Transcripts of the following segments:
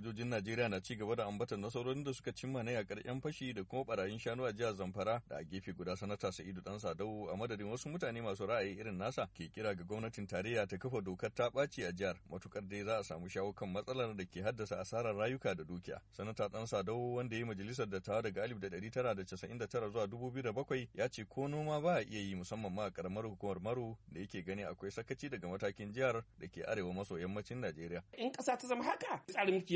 Sojojin Najeriya na ci gaba da ambatan nasarorin da suka cimma na yakar 'yan fashi da kuma barayin shanu a jihar Zamfara da a gefe guda sanata Sa'idu Dan Sadau a madadin wasu mutane masu ra'ayi irin nasa ke kira ga gwamnatin tarayya ta kafa dokar ta ɓaci a jihar matukar dai za a samu shawo kan matsalar da ke haddasa asarar rayuka da dukiya. Sanata Dan Sadau wanda ya yi majalisar da tawa daga 1999 zuwa dubu da bakwai ya ce ko noma ba a iya yi musamman ma a karamar hukumar Maru da yake gani akwai sakaci daga matakin jihar da ke arewa maso yammacin Najeriya. In ƙasa ta zama haka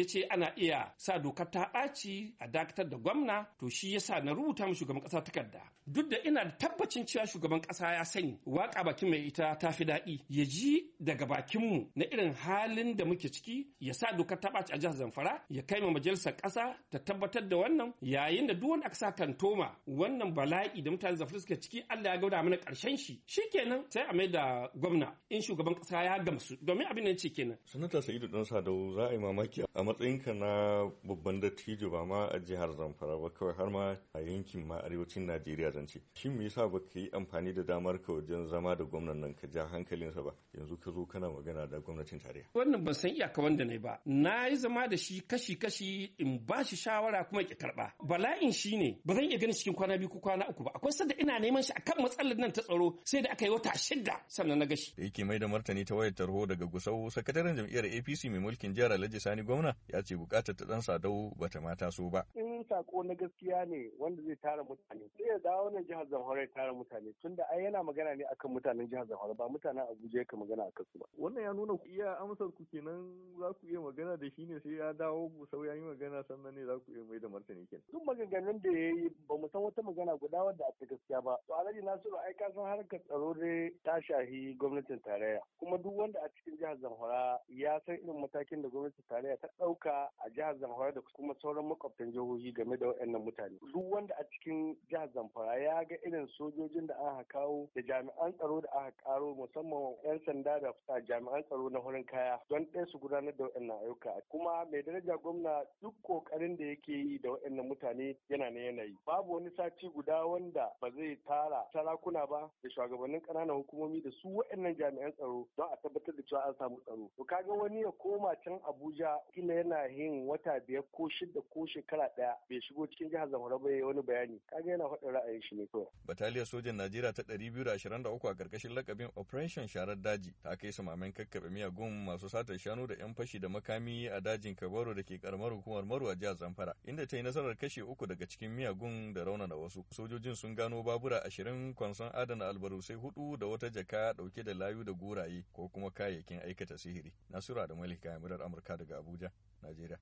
ce ana iya sa dokar ta ɓaci a dakatar da gwamna to shi yasa na rubuta mu shugaban ƙasa takarda duk da ina da tabbacin cewa shugaban kasa ya sani waka bakin mai ita ta fi daɗi ya ji daga bakin mu na irin halin da muke ciki ya sa dokar ta ɓaci a jihar Zamfara ya kai ma majalisar kasa ta tabbatar da wannan yayin da duk wanda aka sa kantoma wannan bala'i da mutanen Zamfara suke ciki Allah ya gauda mana karshen shi shikenan sai a mai da gwamna in shugaban kasa ya gamsu domin abin nan ce kenan sanata Sa'idu dan Sadau za a yi mamaki a matsayinka na babban dattijo ba ma a jihar Zamfara ba kawai har ma a yankin ma arewacin Najeriya zan ce, Shin me yasa ba ka yi amfani da damar ka wajen zama da gwamnan nan ka ja hankalinsa ba yanzu ka zo kana magana da gwamnatin tarayya. Wannan ban san iyaka wanda ne ba. Na yi zama da shi kashi-kashi in ba shi shawara kuma ki karba. Bala'in shi ne ba zan iya ganin cikin kwana biyu ko kwana uku ba. Akwai sanda ina neman shi akan matsalar nan ta tsaro sai da aka yi wata shida sannan na gashi. Da yake mai da martani ta wayar tarho daga Gusau sakataren jam'iyyar APC mai mulkin jihar Alhaji Sani gwamna ya ce bukatar ta dan sadau ta mata so ba. In sako na gaskiya ne wanda zai tara mutane sai ya dawo nan jihar Zamfara ya tara mutane tunda ai yana magana ne akan mutanen jihar Zamfara ba mutanen Abuja yake magana a kasu ba. Wannan ya nuna ku? iya amsar ku kenan za ku iya magana da shi ne sai ya dawo sau ya yi magana sannan ne za ku iya mai da martani kenan. Duk maganganun da ya yi ba mu san wata magana guda wadda a ta gaskiya ba. To Alhaji Nasiru ai ka san harkar tsaro dai ta shahi gwamnatin tarayya kuma duk wanda a cikin jihar Zamfara ya san irin matakin da gwamnatin tarayya ta ɗauka a jihar Zamfara da kuma sauran makwabtan jihohi game da waɗannan mutane. Duk wanda a cikin jihar Zamfara ya ga irin sojojin da aka kawo da jami'an tsaro da aka karo musamman 'yan sanda da jami'an tsaro na hurin kaya don ɗaya su gudanar da waɗannan ayyuka. Kuma mai daraja gwamna duk ƙoƙarin da yake yi da waɗannan mutane yana na yanayi. Babu wani sati guda wanda ba zai tara sarakuna ba da shugabannin ƙananan hukumomi da su waɗannan jami'an tsaro don a tabbatar da cewa an samu tsaro. To kaga wani ya koma can Abuja ina yana yin wata biyar ko shida ko shekara ɗaya bai shigo cikin jihar Zamfara ba wani bayani kaga yana faɗin ra'ayin shi ne kawai. Bataliyar sojan Najeriya ta ɗari biyu da da ashirin uku a ƙarƙashin lakabin Operation Sharar Daji ta kai su mamayin kakkaɓe miyagun masu satar shanu da 'yan fashi da makami a dajin Kabaro da ke karamar hukumar Maru a jihar Zamfara inda ta yi nasarar kashe uku daga cikin miyagun da raunana wasu. Sojojin sun gano babura ashirin kwanson adana albarusai hudu da wata jaka dauke da layu da guraye ko kuma kayayyakin aikata sihiri. Nasura da Malika murar Amurka daga Abuja. Nigeria